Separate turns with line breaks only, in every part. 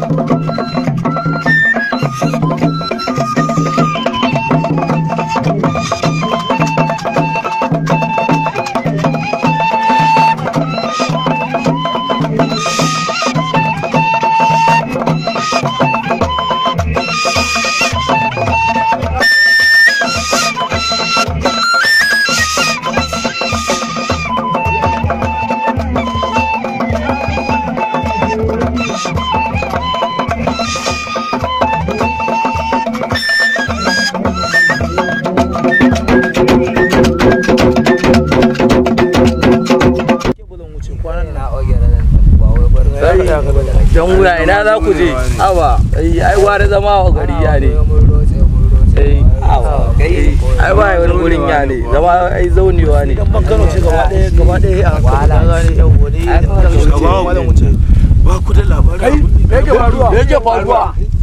Thank
janguna za je awa ne
ai ba
ai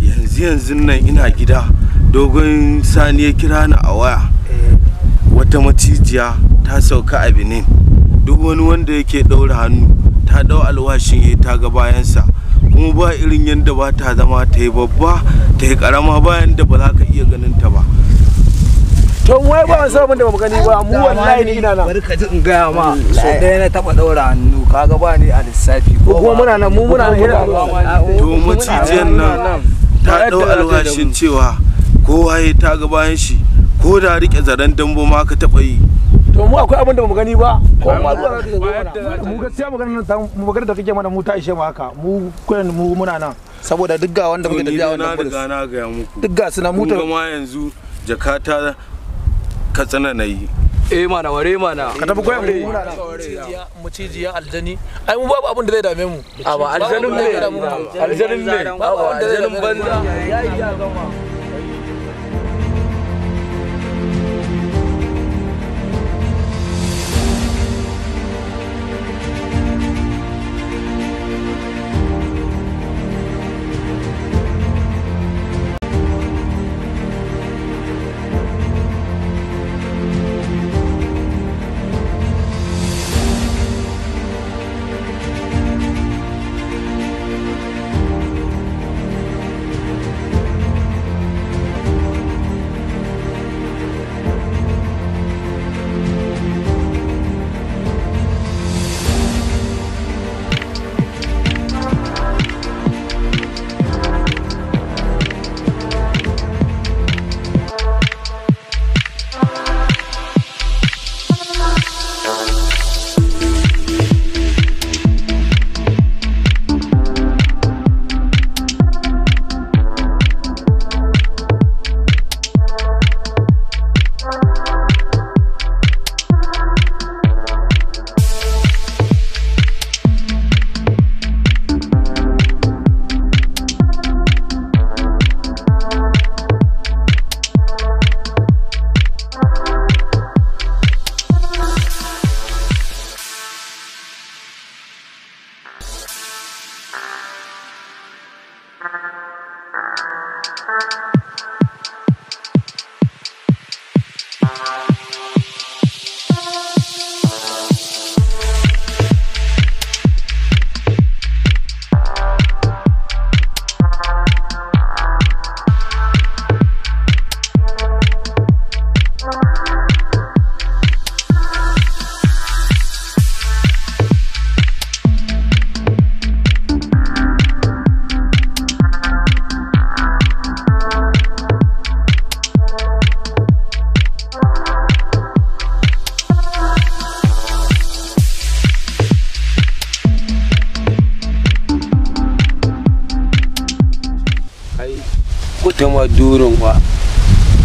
yanzu yanzu nan ina gida dogon sani ya kira ni a waya wata macijiya ta sauka a Benin duk wani wanda yake ɗaura hannu ta ɗau alwashin ya ta ga bayansa kuma ba irin yadda ba ta zama ta yi babba ta yi ƙarama bayan da ba za ka iya ganin ta ba to wai ba wasu abin da ba gani ba mu wallahi ni ina nan bari ka ji in gaya ma so da yana taba daura hannu kaga ba ni a lissafi ko kuma muna nan mu muna nan to macijiyan nan ta dau alwashin cewa kowa ya ta ga bayan shi ko da rike zaren dambo ma ka taɓa yi to mu akwai abin da mu gani ba ko ma zuwa za
ka mu
mu gaskiya magana nan ta mu magana da kake mana mu ta ishe mu haka mu kuyan mu muna nan saboda duk ga wanda muke tafiya wannan kudus na riga na duk ga suna mutar ma yanzu jakata ka tsana nayi eh mana ware mana ka tafi koyan mu
mu cijiya aljani ai mu babu abin da zai dame mu a ba aljanin ne aljanin ne babu abin da zai dame mu banza
ya
gama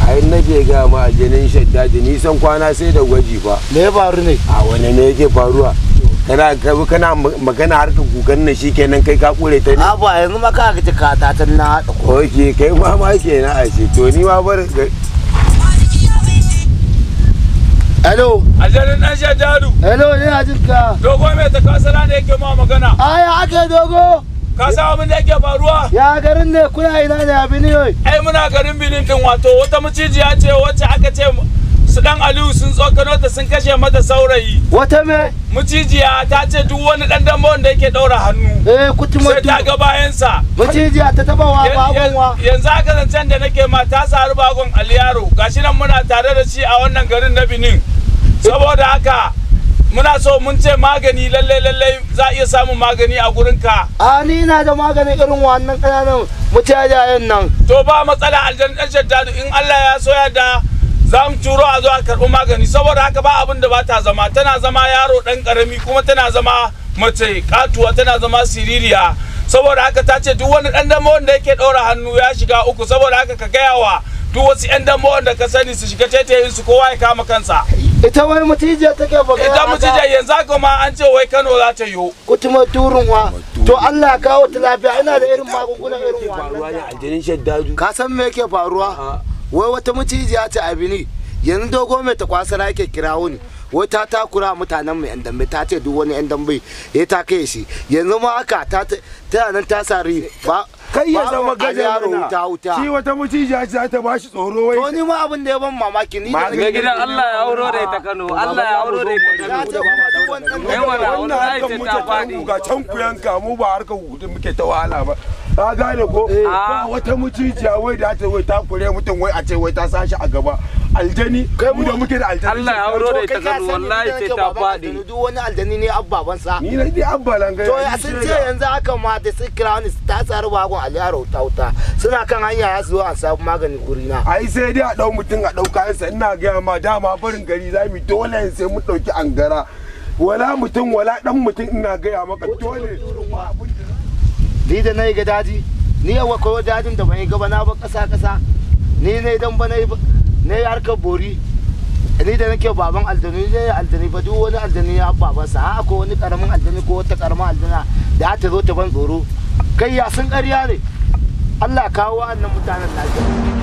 ai nake ga ma a jinin shaddadi nisan kwana sai da gwaji fa me faru ne a wani ne yake faruwa kana kana magana harkar kukan nan shikenan kai ka kure ta ne abu yanzu ma ka ga ka ta tan na oke kai ma ma na a ce to ni ma bar
Hello. Aljanin ɗan shaddadu. Hello, ne a jinka. Dogo mai kasala ne yake ma magana. Aya ake dogo. Ka san abin da yake faruwa?
Ya garin ne kuna ina ne a Biniyoyi?
Ai muna garin Binin din wato wata macijiya ce wacce aka ce su dan Aliyu sun tsokano ta sun kashe mata saurayi. Wata me? Macijiya ta ce duk wani dan dambe wanda yake daura hannu. Eh kutuma Sai ta ga sa. Macijiya ta taba wa bagon wa. Yanzu aka zancen da nake ma ta sari bagon Aliyaro. Gashi nan muna tare da shi a wannan garin na binin Saboda haka muna so mun ce magani lalle lalle za iya samun magani a gurin ka
a ni na da maganin irin wannan kananan mutajayen nan
to ba matsala aljan dan shaddadu in Allah ya so ya da za mu turo a zuwa a karɓi magani saboda haka ba abin da ba ta zama tana zama yaro dan karami kuma tana zama mace katuwa tana zama siririya saboda haka ta ce duk wani dan damo wanda yake ɗora hannu ya shiga uku saboda haka ka gaya wa duk wasu 'yan damo wanda ka sani su shiga tetayen su kowa ya kama kansa
ita wai mutijiya ke magana ita mutijiya
yanzu ko ma an ce wai Kano za ta yo
kutuma turun wa to Allah ya kawo ta lafiya ina da irin magunguna irin wannan ka san me yake faruwa ah. wai wata mutijiya ta abini yanzu dogo mai ta kwasa yake kirawo ne wai ta takura mutanen mai yan dambe ta ce duk wani yan dambe ya ta kai shi yanzu ma haka ta ta nan ta sari ba kai ya zama gajar wuta shi
wata mucija za ta bashi tsoro wai to ni ma abin da ya ban mamaki ni da ga gidan Allah ya auro da ta Kano Allah ya auro da ta Kano yan wala wannan harkar mu ta fadi ga can ku yanka mu ba harkar gudu muke ta wahala ba ka gane ko eh. ba wata mucijiya wai da ta wai ta kure mutum wai a ce wai ta sashi a gaba aljani kai mu da muke da aljani Allah ya aure da ita wallahi sai ta fadi duk
wani aljani ne abbaban sa ni ne dai abba langa to ya sun ce yanzu haka ma da su kira ni ta tsari bagon aliyaro ta wuta
suna kan hanya ya zo an sabu magani guri na ai sai dai a dau mutum a dau kayan sa ina ga ma dama barin gari mu dole sai mu dauki angara wala mutum wala dan mutum ina gaya maka dole ni da na yi
ga daji ni yawa ko dajin da ban yi gaba na ba kasa kasa ni ne dan ba na yi ne ya harkar bori ni da nake baban aljanu ne aljani ba duk wani aljani ya baba sa a ko wani karamin aljani ko wata karamin aljana da ta zo ta ban tsoro kai ya sun ƙarya ne Allah kawo wa'annan mutanen lafiya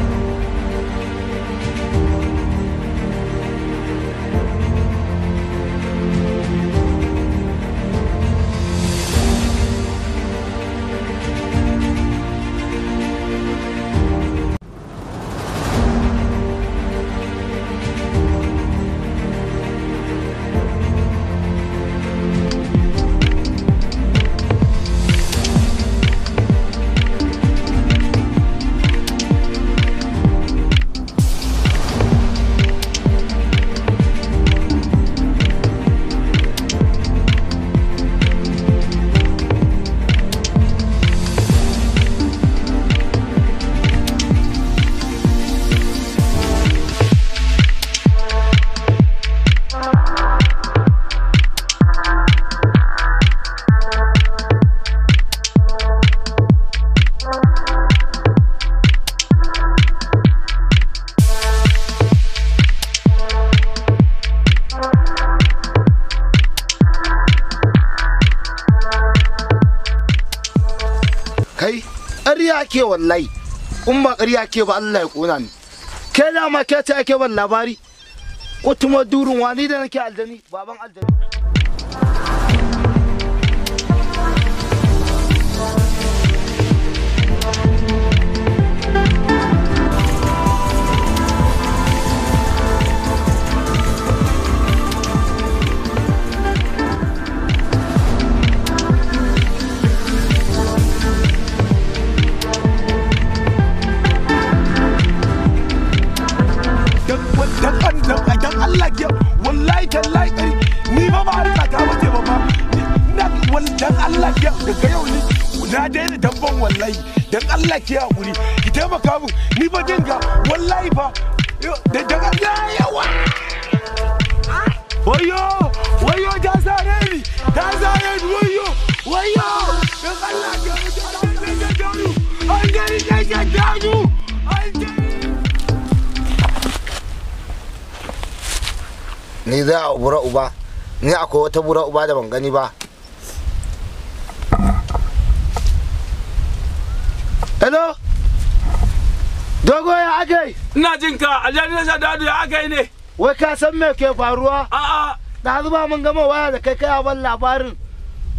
ke wallahi in ba ƙarya ke ba Allah ya kona ni ke da ma ke ta ke ban labari ko tuma durin wani da nake aljani baban aljani
wallahi dan Allah ke hakuri ki taimaka min ni ba dinga wallahi ba da dan Allah yawa wayo wayo ta sare ni ta sare ni wayo wayo dan Allah ki da an gani da
ni za a bura uba ni akwai wata bura uba da ban gani ba Hello? Dogo ya aka
Ina jin ka, Aljani na Dadu ya aka ne. Wai
ka san me ke faruwa? A'a. Da zuba mun gama waya da kai kai ban labarin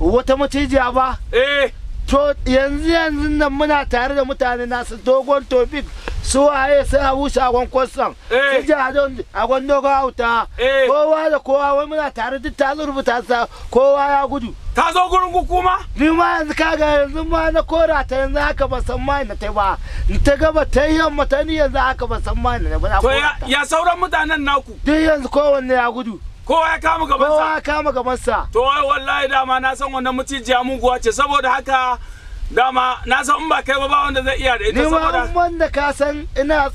wata macijiya ba. Eh. To yanzu yanzu nan muna tare da mutane nasu dogon topic su waye sai a wuce agon kwastan. Eh. a agon dogon auta. Eh. Kowa da kowa wai muna tare duk ta rubuta sa kowa ya gudu. ka zo gurin hukuma? ni ma yanzu kaga yanzu ma na kora ta yanzu haka ba san ma na tai ba ta gaba ta yamma ta ni yanzu haka ba san ma na ba to
ya sauran mutanen naku duk yanzu kowanne ya gudu kowa ya kama gabansa kowa ya kama gabansa to wallahi dama na san wannan mucijiya muguwa ce saboda haka dama na san in ba kai ba ba wanda zai iya da ita saboda ni
ma wanda ka san ina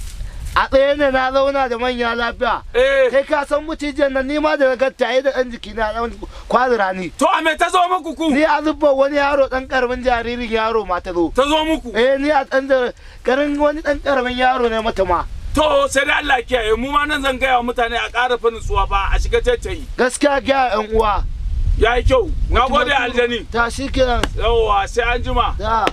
a tsaye ne na zauna da manya lafiya eh. kai ka san mucijiyar nan nima da ga yi da ɗan jiki na dan kwazira ni to a me ta zo muku ku ni a zubba wani yaro ɗan karamin jaririn yaro ma ta zo ta zo muku eh ni a dan da karin wani ɗan karamin yaro ne mata ma
to sai da Allah kiyaye mu ma nan zan gaya wa mutane a ƙara fa nutsuwa ba a shiga tattayi
gaskiya ga yan uwa
yayi kyau na gode aljani ta kiran yawa sai an jima da